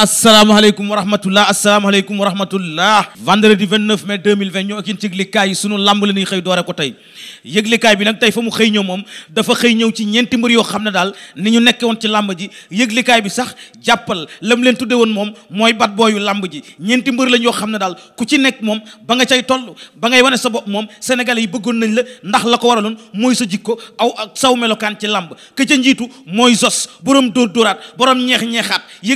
asalaamaaleykum wa rahmatullah asalaamaaleykum wa rahmatullah vendredi 29 mai 2020 ñoo ak yéen ci yëglikaay yi sunu xëy doore ko tey yëglikaay bi nag tey fa mu xëy ñëw moom dafa xëy ñëw ci ñeenti mbër yoo xam ne daal ni ñu nekke woon ci lamb ji yëglikaay bi sax jàppal lam leen tudde woon moom mooy bat booyu lamb ji ñeenti mbër lañ yoo xam ne daal ku ci nekk moom ba nga cay toll ba ngay wane sa bopp moom sénégalais yi bëggoon nañ la ndax la ko waraloon mooy sa jikko aw ak saw melokaan ci lamb ka ca njiitu mooy zos borom dóor dóoraat borom ñeex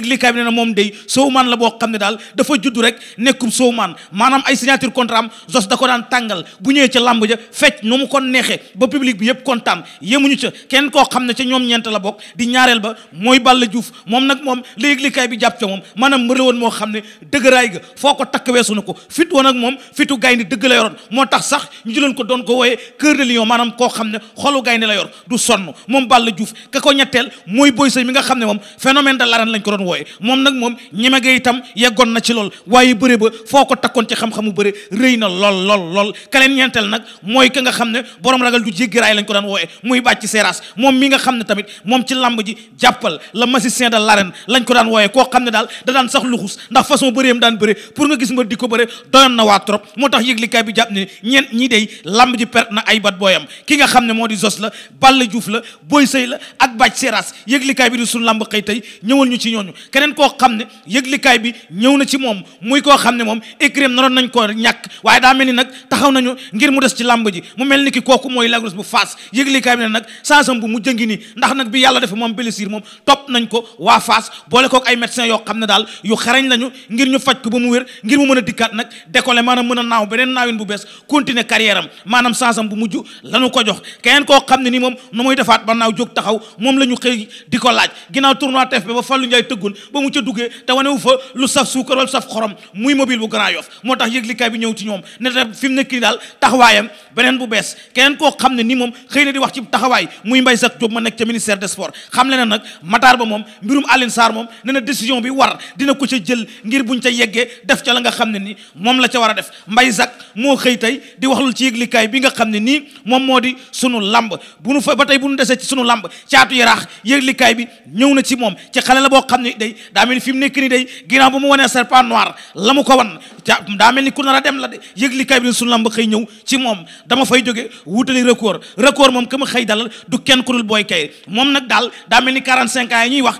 man day sowmaan la boo xam ne daal dafa judd rek nekkum sowmaan maanaam ay signature contrat am Zoss da ko daan tàngal bu ñëwee ca làmb ja fecc nu mu ko neexee ba public bi yëpp kontaan yemuñu ca kenn koo xam ne ca ñoom ñeent la bokk di ñaareel ba mooy Balla Diouf moom nag moom léeg-likaay bi jàpp ca moom maanaam mbër woon moo xam ne dëgëraay ga foo ko takk weesu na ko fit woon ak moom fitu gaynde dëgg la yoroon moo tax sax ñu jëloon ko doon ko wooyee cœur de lion maanaam koo xam ne xolu gaynde la yor du sonn moom Balla Diouf ka ko ñetteel mooy Boy mi nga xam ne moom phénomène de l'arène lañ ko doon wooyee moom nag moom ñeme nga itam yeggoon na ci lool waaye bëre ba foo ko takkoon ci xam-xamu bëre rëy na lool lool lool kaleen ñeenteel nag mooy ki nga xam ne borom ragal du jéggiraay lañ ko daan woowe muy bàcc seeraas moom mi nga xam ne tamit moom ci làmb ji jàppal la magicien de l'arène lañ ko daan woowe koo xam ne daal da daan sax luxus ndax façon bëreem daan bëre pour nga gis mbër di ko bëre doyoon na waa trop moo tax yëglikaay bi jàpp ne ñeent ñii dey làmb ji perte na ay bat booyam ki nga xam ne moo di Zos la Balla Juuf la Boy Sey la ak bàcc seeraas yëglikaay bi di suñu làmb xëy tey ñëwal ñu ci ñooñu keneen koo xam ne yëglikaay bi ñëw na ci moom muy koo xam ne moom écrim ko ñàkk waaye daa ni nag taxaw nañu ngir mu des ci làmb ji mu mel ni ki kooku mooy Lac Rose bu Fass yëglikaay bi ne nag saasam bu mu jëngi nii bi yàlla defe moom blessure moom topp nañ ko waa Fass boole kook yoo xam ne daal yu xarañ lañu ñu faj ko ba mu wér ngir mu mën a dikkaat nag décoller maanaam mën a naaw beneen naawin bu bees continuer bu mujj lañu ko jox keneen koo xam ne ni moom nu muy defaat ba naaw jóg taxaw moom la ñu xëy di ko laaj ginnaaw tournoi TFP ba Fallou Ndiaye tëggoon ba mu ca duggee te wanewu fa lu saf suukar wala saf xorom muy mobile bu Grand Yoff moo tax yëglikaay bi ñëw ci ñoom ne te mu nekk nii daal taxawaayam beneen bu bees keneen koo xam ne ni moom xëy na di wax ci taxawaay muy Mbaye Jacques Diop ma nekk ca ministère des sports xam le ne nag Matar Ba moom mbirum Aline Sarr moom ne na décision bi war dina ko ca jël ngir buñ ca yeggee def ca la nga xam ne ni moom la ca war a def Mbaye Jacques moo xëy tey di ci yëglikaay bi nga xam ne nii moom moo di sunu lamb bu nu fa ba tey bu nu desee ci sunu lamb caatu taskatu yaraax yëglikaay bi ñëw na ci moom ci xale la boo xam ne day daa mel ni fi mu nekk nii day ginnaaw ba mu wanee serpent noir la mu ko wan daa mel ku nar a dem la de yëglikaay bi ne sunu lamb xëy ñëw ci moom dama fay jóge wutali record record moom ka xëy dalal du kenn ku booy kay moom wax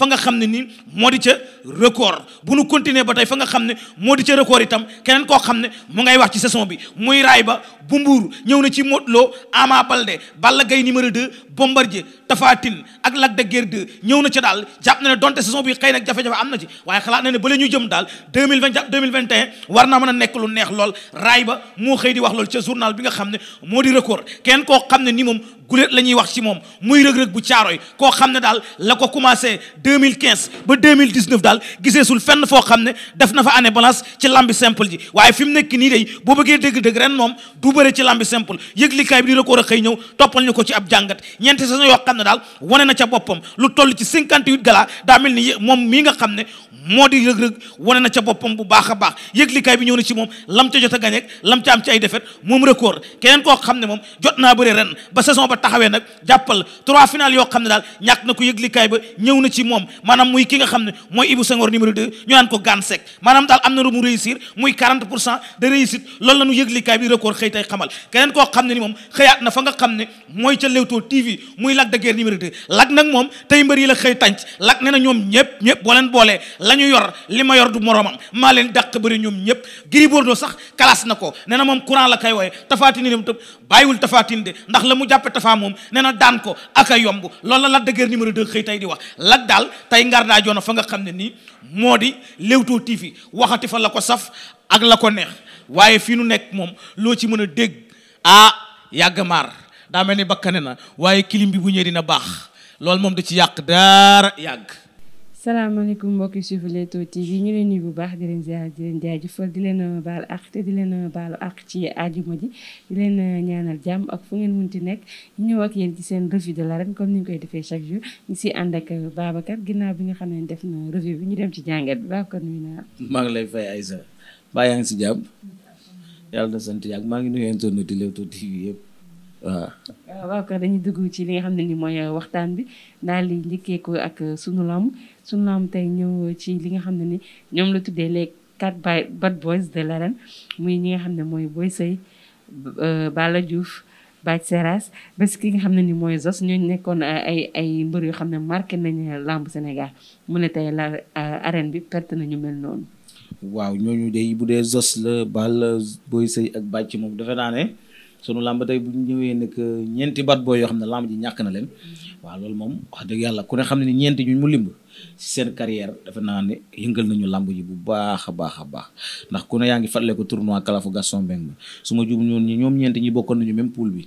ngir nga xam ne nii moo di ca record bu nu continuer ba tey fa nga xam ne moo di ca record itam keneen koo xam ne mu ngay wax ci saison bi muy raay ba bu mbuur ñëw na ci Modou Lo Ama Baldé Balla Gaye numéro 2 Bombardier Tapha Tine ak Lac de Guiers 2 ñëw na ca daal jàpp na ne donte saison bi xëy nag jafe-jafe am na ci waaye xalaat na ne ba ñuy jëm daal 2020 jàpp 2021 war naa mën a nekk lu neex lool raay ba moo xëy di wax lool ca journal bi nga xam ne moo di record kenn koo xam ne ni guléet la ñuy wax ci moom muy rëg-rëg bu caaroy koo xam ne daal la ko commencé 2015 ba 2019 daal giseesul fenn foo xam ne def na fa année balance ci lambi simple ji waaye fi mu nekk nii day boo bëggee dëgg-dëgg ren moom du bëre ci lambi simple yëglikaay bi dina ko a xëy ñëw toppal ñu ko ci ab jàngat ñeenti saison yoo xam ne daal wane na ca boppam lu toll ci 58 gala daa mel ni moom mii nga xam ne moo di rëg-rëg wane na ca boppam bu baax a baax yëglikaay bi ñëw ci moom lam jot a gañeek lam ca am ci ay defet koo xam ne moom jot naa bëre taxawee nag jàppal trois finales yoo xam ne daal ñàkk na ko yëglikaay ba ñëw na ci moom maanaam muy ki nga xam ne mooy Ibou Senghor numéro deux ñu naan ko Gane Seck maanaam daal am na lu mu réussir muy 40 pour cent de réussite loolu la ñu yëglikaay bi record xëy tay xamal keneen koo xam ne ni moom xëyaat na fa nga xam ne mooy ca Leewtoo TV muy Lac de Guiers numéro deux nag moom tey mbër la xëy tànc Lac nee ñoom ñëpp ñëpp boo leen boolee yor li ma yor du moroomam maa leen dàq bëri ñoom ñëpp Tapha moom nee na daan ko ak a yomb loolu la Lac de Guiers numéro 2 xëy tey di wax Lac daal tey ngar daa joona fa nga xam ne nii moo di Leewtoo TV waxati fa la ko saf ak la ko neex waaye fii nu nekk moom loo ci mën a dégg ah yàgg maar daa mel ni bakkane na waaye kilim bi bu ñëwee dina baax loolu moom du ci yàq dara yàgg salaamaaleykum mbokki suivi Leewtoo TV ñu leen nuyu bu baax di leen ziar di leen jaajëfal di leen baalu àq te di leen baalu àq ci àjjuma ji di leen ñaanal jàmm ak fu ngeen munti nekk ñu ñëw ak yéen ci seen revue de rek comme ni ñu koy defee chaque jour ñu si ànd ak Babacar ginnaaw bi nga xam ne def na revue bi ñu dem ci jàngat bi Babacar nuyu naa maa ngi lay fay Aïssa mbaa yaa ngi si jàmm yàlla na sant yàgg maa ngi nuyu ti Leewtoo TV yëpp Euh, waaw. waaw dañuy dugg ci li nga xam ne nii mooy euh, waxtaan bi daal di njëkkee ak euh, sunu lamb sunu lamb tey ñëw ci li nga xam ne ni ñoom la tuddee les quatre bad boys de l'arène muy ñi nga xam ne mooy Boy Seye Balla Diouf Bathie Seras bés ki nga xam ne ni mooy Zos ñooñ nekkoon ay ay mbër yoo xam ne marqué nañu lamb Sénégal mu ne tey la arène bi perte nañu mel noonu. waaw ñooñu day bu dee Zos la Balla booy Seye ak Bathie moom defe naa ne. sunu làmb tey bu ñëwee nag ñeenti bat booy yoo xam ne làmb ji ñàkk na leen mm-hmm. waaw loolu moom wax dëgg yàlla ku ne xam ne ni ñeenti ñu mu limb ci seen carrière naa ne yëngal nañu làmb ji bu baax a baax a baax ndax ku ne yaa ngi fàttale ko tournoi Kalafu Gaston Mbengue su ma jub ñoon ñi ñoom ñeenti ñi bokkoon nañu même pool bi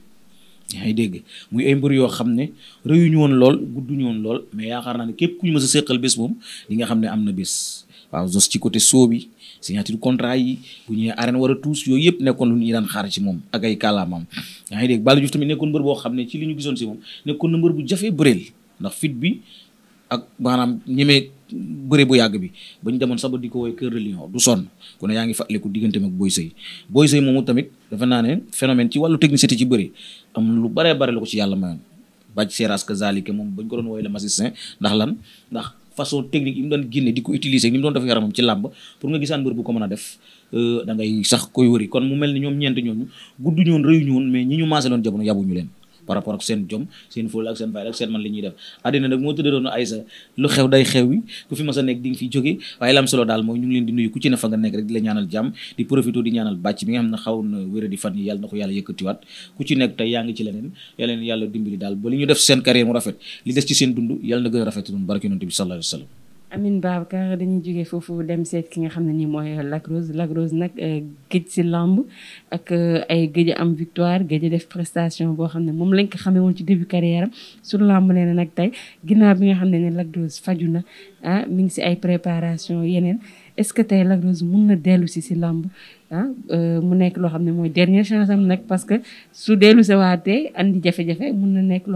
yaa ngi dégg muy ay mbër yoo xam ne réyuñu woon lool gudduñu woon lool mais yaakaar naa ne képp ku ñu mës a bés moom li nga xam ne am na bés waaw jos ci côté soo bi signature contrat yi bu ñëwee arène war a tuus yooyu yëpp nekkoon lu ñuy daan xaar ci moom ak ay kàllaamaam yaa ngi dégg Balla Diouf tamit nekkoon mbër boo xam ne ci bu jafee bi ak yàgg bi ba ñu demoon sax ba di ko woy Cœur de Lion du sonn ku ne yaa ngi fàttaliku digganteem ak Boy Sey Boy Sey moomu tamit dafa naa ne phénomène ci wàllu technicité ci bëri am lu baree bare la ko ci yàlla ma bàj seeraas ka zalike moom bañ ko doon woy le magicien ndax lan ndax façon technique yi mu doon génne di ko utiliser ni mu doon def yaramam ci làmb pour nga gisaan mbër bu ko mën a def euh, da ngay sax koy wëri kon mu mel ni ñoom ñeent ñooñu gudd ñoon réyu ñoon mais ñi ñu maasé loon jamono yabuñu leen par rapport ak seen jom seen fóol ak seen fayda ak seen man li ñuy def àddina nag moo tëddadoon ay sa lu xew day xew wi ku fi mas a nekk di nga fi jóge waaye lam solo daal mooy ñu ngi leen di nuyu ku ci ne fa nga nekk rek di ñaanal bàcc bi nga xam ne xaw na wéra di fan yi yàlla na yëkkatiwaat ku ci nekk tey yaa ngi ci leneen yàlla leen yàlla dimbali daal ba li ñu def seen carrière mu rafet li des ci seen dund yàlla na gën a rafet noonu barke yonent bi sallallahu alayhi Amin Babacar dañuy jógee foofu dem seet ki nga xam ne nii mooy Lac Rose Lac Rose nag eh, géej si lamb ak eh, ay géej am victoire géej def prestation boo xam ne moom lañ ko xamee woon ci début carrière su làmb lamb nee nag tey ginnaaw bi nga xam ne ne Lac Rose faju na ah mi ngi si ay préparation yeneen est-ce que tey Lac Rose mun na dellu si si lamb ah mu nekk loo xam ne mooy dernière chance am loo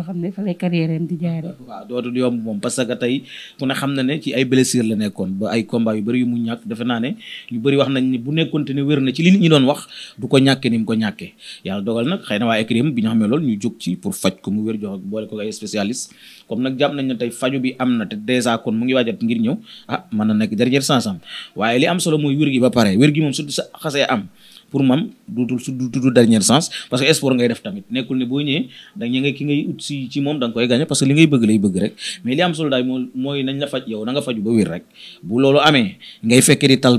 xam ne fa lay carrière am que tey ku ne xam na ne ci ay blessure la nekkoon ba ay combat yu bëri yu mu ñàkk defe naa ne ñu wax nañ ne bu nekkoonte ne wér na ci li nit doon wax du ko ñàkkee ni mu ko ñàkkee yàlla dogal nag xëy na waa écrim bi ñu xamee loolu ñu jóg ci pour faj ko mu wér jox ak boole ko ay spécialiste comme nag jàpp bi am na te kon mu ngi waajat ngir ñëw ah mën na nekk dernière chance waaye li am solo mooy wér gi ba pare wér gi moom su xasee am pour mam dutul su dutul dernière chance parce que sport ngay def tamit nekkul ne boo ñëwee nga koy gagné parce que li ngay bëgg lay bëgg rek mais li am solo na nga faju ba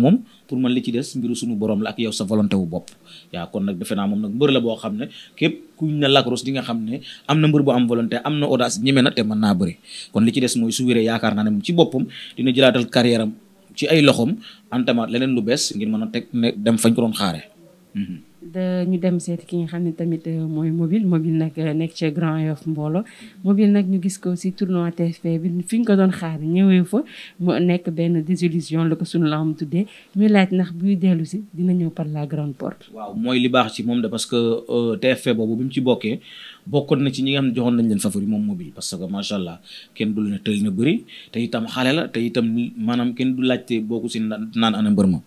moom pour man li ci des mbiru suñu borom la ak yow sa volonté bopp yaa kon nag defe naa moom nag mbër la boo xam ne képp kuñ na lacrosse di nga xam ne am na mbër bu am volonté am na audace ñeme na te mën naa bëri kon li ci des mooy su wéree yaakaar naa ne moom ci boppam dina jëlaatal ci ay loxoom antamaat leneen lu bees ngir mën a teg ne dem fañ ko doon xaare mhm. ñu dem seeti ki nga xam ne tamit euh, mooy mobile mobile nag euh, nekk ca Grand Yoff mbooloo mobile nag ñu gis ko si tournoi TFP bi fi ñu ko doon xaar ñëwee fa mu nekk benn désillusion la ko suñu lamb tuddee muy laaj ndax buy dellu si dina ñëw par la grande porte. waaw mooy li ci moom de parce que euh, TFP boobu bi mu ci bokkee. bokkoon na ci ñi nga xam ne joxoon nañ leen favori moom mobile parce que macha allah kenn du maanaam kenn du laajte bokku si naan ana mbër ma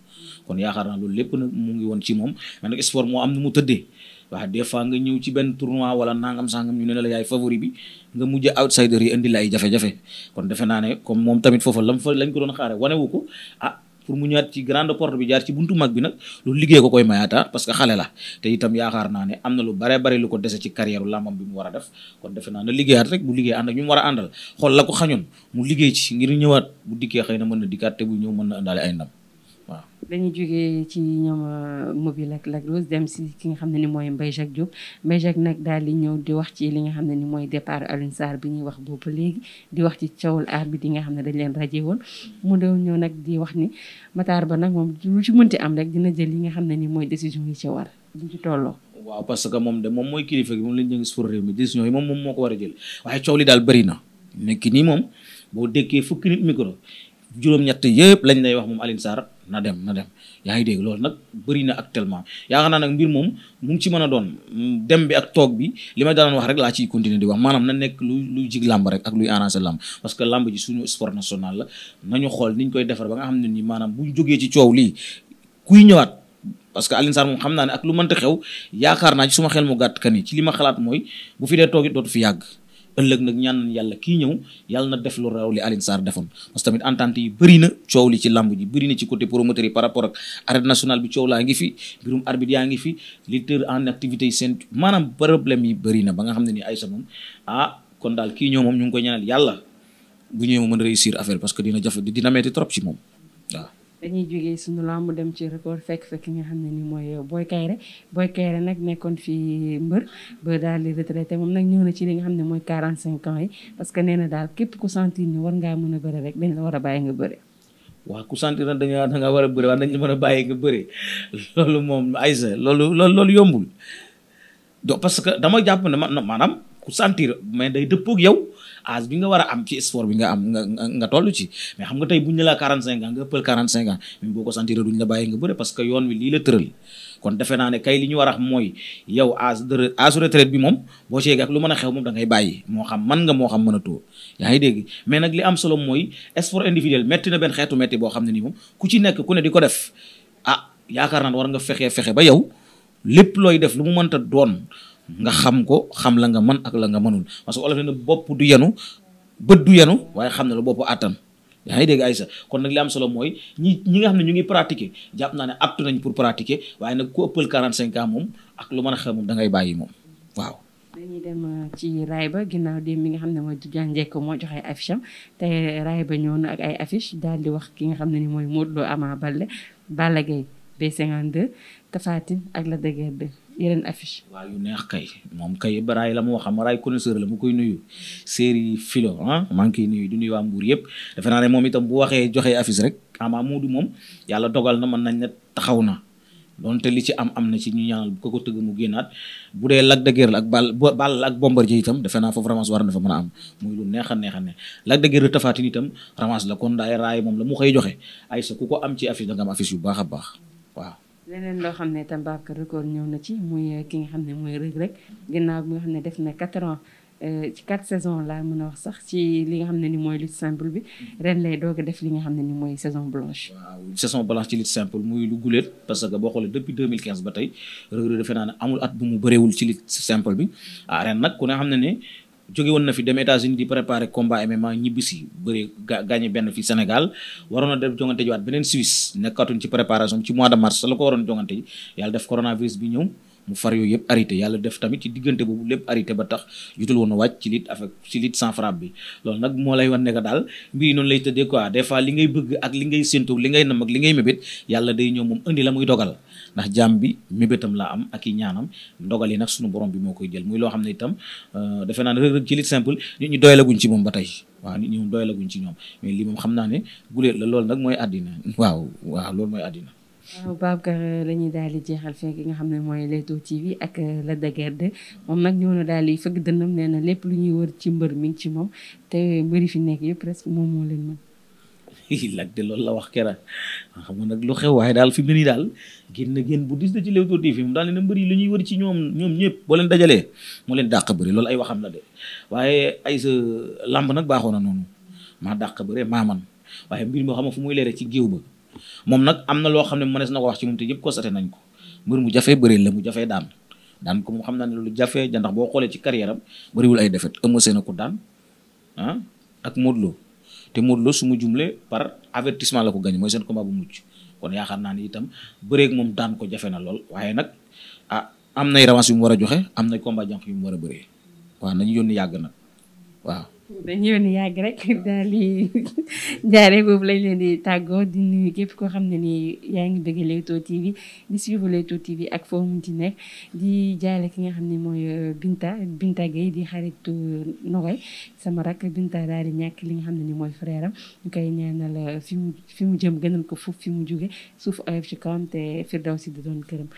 kon yaakaar naa loolu lépp na mu ngi woon ci moom mais nag sport moo am nu mu tëddee waaw des fois nga ñëw ci benn tournoi wala nangam sangam ñu ne la yaay favori bi nga mujj outsider yi indi la ay jafe-jafe kon defe naa ne comme moom tamit foofa lam fa lañ ko doon xaare wane wu ko ah pour mu ñëwaat ci grande porte bi jaar ci buntu mag bi nag loolu liggéey ko koy mayaata parce que xale la te itam yaakaar naa ne am na lu bare bare lu ko dese ci carrière làmbam bi mu war a def kon defe naa na liggéeyaat rek bu liggéey ànd ak ñu mu war a àndal xool la ko xañoon mu liggéey ci ngir ñëwaat bu dikkee xëy na mën na dikkaat te bu ñëw mën na indaale ay ndam waaw dañuy jógee ci ñoom euh, mobile ak Lac Rose dem si ki nga xam ne ni mooy Mbaye Jacques Diop Mbaye Jacques nag daal di ñëw di wax ci li nga xam ne ni mooy départ Alioune Sarr bi ñuy wax boobu léegi di wax ci coowul arbitre yi nga xam ne dañ leen rajee woon mu doon ñëw nag di wax ni Matar Ba nag moom lu ci mënti am rek dina jël li nga xam ne ni mooy décision yi ci war buñ ci tolloo waaw parce que moom de moom mooy kilifa gi moom lañ jëngi suur yi moom moom moo ko war a jël waaye coow li daal bëri na nekk nii moom boo dékkee fukki nit micro juróom-ñett yëpp lañ lay wax moom Alioune Sarr na dem na dem yaa ngi dégg loolu nag bëri na actuellement yaakaar naa nag mbir moom mu ngi ci mën a doon dem bi ak toog bi li may daan wax rek laa ciy continuer di wax maanaam na nekk lu luy jig làmb rek ak luy arrangé làmb parce que làmb ji suñu sport national la nañu xool niñ koy defar ba nga xam ne nii maanaam buñ jógee ci coow lii kuy ñëwaat parce que Alioune Sarr moom xam naa ne ak lu mënta xew yaakaar naa ci suma xel mu gàtt kan yi ci li ma xalaat mooy bu fi dee toog dootu fi yàgg ëllëg nag ñaan nañ yàlla kii ñëw yàlla na def lu raw li Alioune Sarr defoon parce que tamit entente yi bëri na coow li ci làmb ji bëri na ci côté promoteur yi par rapport ak arène nationale bi coow laa ngi fi mbirum arbitre yaa ngi fi lutteur en activité yi seen maanaam problème yi bëri na ba nga xam ne ni Aïssa moom ah kon daal kii ñëw moom ñu ngi ko ñaanal yàlla bu ñëwee mu mën réussir affaire parce que dina jafe dina metti trop ci moom waaw dañuy jógee suñu lamb dem ci record fekk fa nga xam ne ni mooy Boy Kaïré Boy Kaïré nag nekkoon fi mbër ba daal di retraité moom nag ñëw na ci li nga xam ne mooy 45 ans yi parce que ne na daal képp ku sentir ni war ngaa mën a bëre rek dañ la war a bàyyi nga bëre. waaw ku sentir na dañu da nga war a bëre waaw dañu a bàyyi nga bëre loolu moom Aïssa loolu loolu loolu yombul do parce que dama jàpp ne maanaam. ku sentir mais day dëppoog yow âge bi nga war a am ci sport bi nga am nga nga toll ci mais xam nga tey bu ne la 45 ans nga ëppal 45 ans même boo ko sentir duñ que yoon wi lii la defe naa ne kay li ñu war a xam mooy yow âge de bi moom boo ci yegg lu mën a xew moom da ngay bàyyi moo xam man nga moo xam mën a tóo yaa ngi dégg mais nag li am solo mooy sport individuel métti na benn xeetu métti boo xam ne nii moom ku ci nekk ku ne di ko def ah yaakaar naa wara nga fexe fexe ba yow lépp looy def lu mu mënta doon nga xam ko xam la nga mën ak la nga mënul parce que olof ne bopp du yenu bët du yenu waaye xam ne la bopp attan yaa ngi dégg Aïssa kon nag li am solo mooy ñi ñi nga xam ne ñu ngi pratiquer jàpp naa ne aptu nañ pour pratiquer waaye nag ku ëppal 45 ans moom ak lu mën a xew moom da ngay bàyyi moom waaw. dañuy dem euh, ci raay ba ginnaaw dem mi nga xam ne mooy Tidiane Diécko moo joxe ay affiche am te raay ba ñëw na ak ay affiche daal di wax ki nga xam ne ni mooy Modou Lo Ama Baldé Balla Gaye B52 Tapha ak Lac de Guiers yeneen affiche waaw yu neex kay moom kay baraay la mu wax xam raay connaisseur la mu koy nuyu série filo ah maa nuyu du nuyu waa Mbour yëpp defe naa ne moom itam bu waxee joxee affiche rek ama Moodu moom yàlla dogal na mën nañ ne taxaw na donte li ci am am na ci ñu bu ko ko tëgg mu génnaat bu dee Lac de Guiers la ak Bal Bal ak Bombardier itam defe naa foofu ramas war na fa mën a am muy lu neex a neex a neex Lac de Guiers Tapha Tine itam ramas la kon daay raay moom la mu koy joxe ay sa ku ko am ci affiche da nga am affiche yu baax a baax waaw leneen loo xam ne ta Babacar record ñëw na ci muy euh, ki nga xam ne mooy Reug Reug ginnaaw bi nga xam ne def na quatre ans euh, quatre saisons laa mën a wax sax ci li nga xam ne ni mooy lutte simple bi ren lay doog a def li nga xam ne ni mooy saison blanche. waaw saison blanche ci lutte simple muy lu guléet parce que boo xoolee depuis 2015 ba tey Reug Reug defe naa ne amul at bu mu bëreewul ci lutte simple bi ah ren nag ku ne xam ne ne. jóge woon na fi dem États-Unis di préparer combat MMA ñibbisi bëri ga gagné benn fi Sénégal waroon na dem jongante jiwaat beneen Suisse nekkatu ci préparation ci mois de mars la ko waroon jongante ji yàlla def coronavirus bi ñëw mu far yooyu yëpp arrêté yàlla def tamit ci diggante boobu lépp arrêté ba tax jutul woon a wàcc ci lit avec ci lit sans frappe bi loolu nag moo lay wan ne que daal mbir yi noonu lay tëddee quoi li ngay bëgg ak li ngay séntu li ngay nam ak li ngay mébét yàlla moom indi la muy dogal ndax jàmm bi mébétam la am ak i ñaanam dogal nag sunu borom bi moo koy jël muy loo xam ne itam euh, defe naa ne Reug Reug ci lit simple nit ci moom ba tey waaw nit ñi moom doyalaguñ ci ñoom mais lii moom xam naa ne guléet la loolu nag mooy àddina waaw loolu mooy àddina waaw euh, Babacar euh, ñuy daal di jeexal fekk nga xam ne mooy Leewtoo TV ak euh, Lac de Guiers moom nag ñëw na daal di fëgg dënnam nee na lépp lu ñuy wër ci mbër mi ngi ci moom te mbëri fi nekk yëpp presque moom moo leen mën. Lac de loolu la wax kera xam nga nag lu xew waaye daal fi mu ne daal génn génn bu dis na ci Leewtoo TV mu daal ne mbër yi lu ñuy wër ci ñoom ñoom ñëpp boo leen dajalee moo leen dàq bëri loolu ay waxam la de waaye ay sa làmb nag baaxoon na noonu maa dàq bëri maa man waaye mbir moo xam ne fu muy leere ci géew ba moom nag am na loo xam ne nees na ko wax ci moom te ñëpp constaté nañ ko mbir mu jafe bëri la mu jafee daan daan ko mu xam naa ne lu jafe ja boo xoolee ci carrière am bëriwul ay défaite Eumeu Sène ko daan ah ak Modou te Modou Lo su par avertissement la ko gañ mooy seen combat bu mucc kon yaakaar naa ni itam bëreeg moom daan ko jafe na lool waaye nag ah am nay revanche yu mu war a joxe am nay combat jànq yu mu war a bëree waaw nañu yoon yàgg nag waaw dañoo ni yàgg rek daal di jaaree boobu lañ leen di tàggoo di képp koo xam ne ni yaa ngi bëgg Leewtoo TV di suivre Leewtoo TV ak foo mu ci nekk di jaale ki nga xam ne mooy euh, Binta Binta Gueye di xaritu euh, Nogoy sama rak Binta daal di ñàkk li nga xam ne ni mooy frère ñu koy ñaanal euh, fi mu fi mu jëm gënal ko foofu fi mu jóge suuf oyof ci kawam te firdaw si di doon këram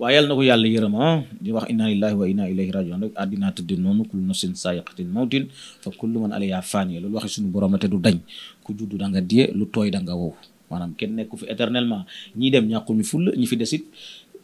waaye yàlla na ko yàlla yërëm ah. di wax inna lillahi wa inna ilayhi rajiun rek àddina tëddee noonu kullu nafsin saayiqatin mawtin fa kullu man alayha faani loolu waxi suñu borom te du dañ ku juddu da nga lu tooy da nga wow maanaam kenn nekku fi éternellement ñii dem ñàkku ñu fulla fi desit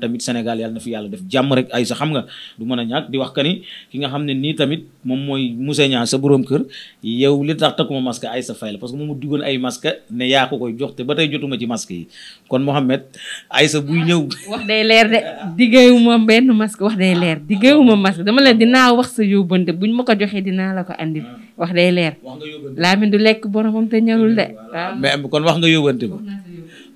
tamit Sénégal yàlla na fi yàlla def jàmm rek ay sa xam nga du mën a di wax que ki nga xam ne nii tamit moom mooy Moussa Niang sa borom kër yow li tax takkuma masque ay sa fay la parce que moomu diggoon ay masque ne yaa ko koy jox te ba tey jotuma ci masque yi kon Mohamed ay sa buy ñëw. Ah, wax day leer de diggeewuma benn masque wax day leer diggeewuma masque dama la dinaa wax sa yóbbante buñ ma ko joxee dinaa la ko andil ah. wax day leer. laamin du lekk boromam te ñëwul de. mais kon wax nga yóbbante ba.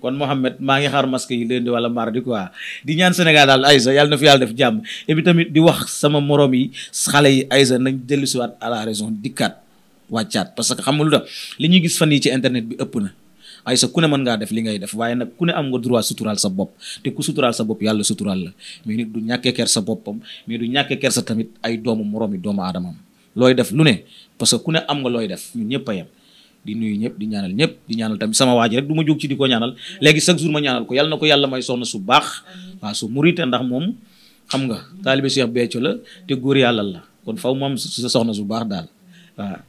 kon Mohamed maa ngi xaar masque yi lundi wala mardi quoi di ñaan Sénégal daal Aïssa yàlla na fi yàlla def jàmm et tamit di wax sama morom yi xale yi Aïssa nañ dellusiwaat à la raison dikkaat wàccaat parce que xam nga li ñuy gis fan yi ci internet bi ëpp na sa ku ne mën ngaa def li ngay def waaye nag ku ne am nga droit suturaal sa bopp te ku suturaal sa bopp yàlla suturaal la mais nit du ñàkkee ker sa boppam mais du ñàkkee ker sa tamit ay doomu moroom yi doomu aadamam looy def lu ne parce que ku ne am nga looy def ñun ñëpp a yem di nuyu ñëpp di ñaanal ñëpp di ñaanal tamit sama waa ji rek du ma jóg ci di ko ñaanal léegi chaque jour ma ñaanal ko yàlla na ko yàlla may soxna su baax waaw su murite ndax moom xam nga taalibe Cheikh Béthio la te góor yàlla la kon faw moom sa soxna su baax daal waaw.